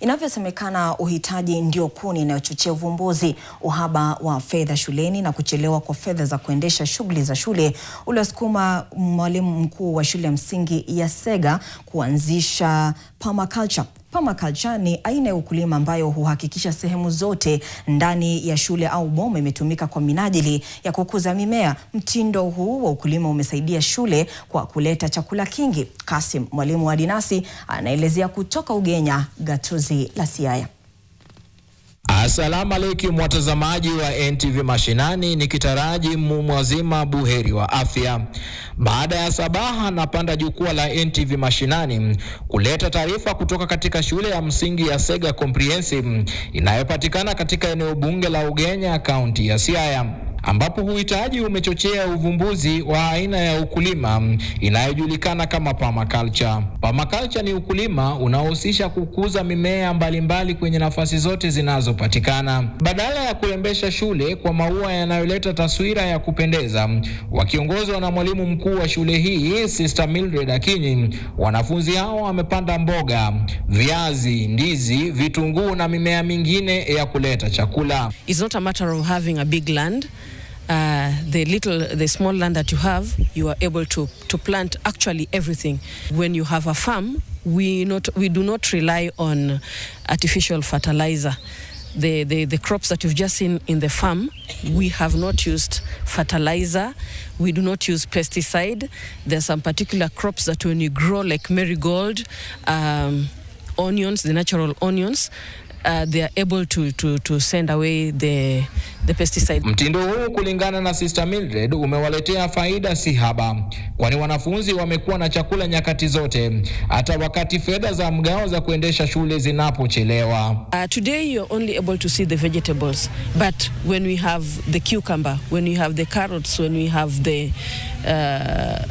Inavyosemekana, uhitaji ndio kuni inayochochea uvumbuzi. Uhaba wa fedha shuleni na kuchelewa kwa fedha za kuendesha shughuli za shule uliosukuma mwalimu mkuu wa shule ya msingi ya sega kuanzisha Permaculture. Permaculture ni aina ya ukulima ambayo huhakikisha sehemu zote ndani ya shule au boma imetumika kwa minajili ya kukuza mimea. Mtindo huu wa ukulima umesaidia shule kwa kuleta chakula kingi. Kasim, mwalimu wa dinasi anaelezea kutoka Ugenya, gatuzi la Siaya asalamu alaikum watazamaji wa NTV Mashinani, nikitaraji mwazima buheri wa afya. Baada ya sabaha, napanda jukwaa la NTV Mashinani kuleta taarifa kutoka katika shule ya msingi ya Sega Comprehensive inayopatikana katika eneo bunge la Ugenya, kaunti ya Siaya ambapo uhitaji umechochea uvumbuzi wa aina ya ukulima inayojulikana kama permaculture. Permaculture ni ukulima unaohusisha kukuza mimea mbalimbali mbali kwenye nafasi zote zinazopatikana, badala ya kurembesha shule kwa maua yanayoleta taswira ya kupendeza. Wakiongozwa na mwalimu mkuu wa shule hii Sister Mildred Akinyi, wanafunzi hao wamepanda mboga, viazi, ndizi, vitunguu na mimea mingine ya kuleta chakula. It's not a matter of having a big land uh, the little the small land that you have you are able to, to plant actually everything when you have a farm we not we do not rely on artificial fertilizer the, the, the crops that you've just seen in the farm we have not used fertilizer we do not use pesticide there are some particular crops that when you grow like marigold um, onions the natural onions Uh, they are able to, to, to send away the, the pesticide. Mtindo huu kulingana na Sister Mildred umewaletea faida si haba, kwani wanafunzi wamekuwa na chakula nyakati zote, hata wakati fedha za mgao za kuendesha shule zinapochelewa. Uh, today you are only able to see the vegetables but when we have the cucumber, when we have the carrots, when we have the, uh,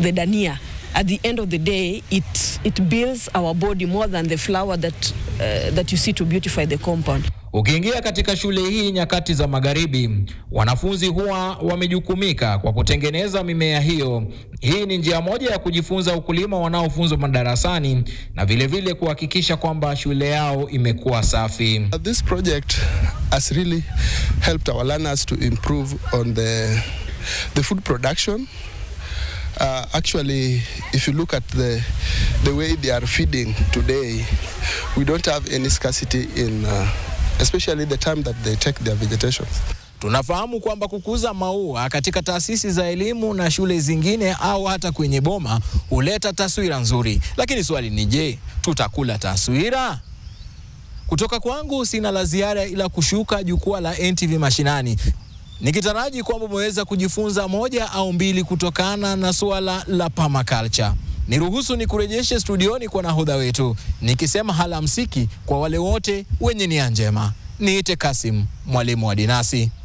the dania at the end of the day it, it builds our body more than the flower that, uh, that you see to beautify the compound. Ukiingia katika shule hii nyakati za magharibi, wanafunzi huwa wamejukumika kwa kutengeneza mimea hiyo. Hii ni njia moja ya kujifunza ukulima wanaofunzwa madarasani na vilevile kuhakikisha kwamba shule yao imekuwa safi. This project has really helped our learners to improve on the, the food production Uh, actually, if you look at the, the way they are feeding today, we don't have any scarcity in, uh, especially the time that they take their vegetation. Tunafahamu kwamba kukuza maua katika taasisi za elimu na shule zingine au hata kwenye boma huleta taswira nzuri, lakini swali ni je, tutakula taswira? Kutoka kwangu sina la ziara ila kushuka jukwaa la NTV mashinani nikitaraji kwamba umeweza kujifunza moja au mbili kutokana na suala la permaculture. Niruhusu nikurejeshe studioni kwa nahodha wetu nikisema halamsiki kwa wale wote wenye nia njema. Niite Kasim, mwalimu wa Dinasi.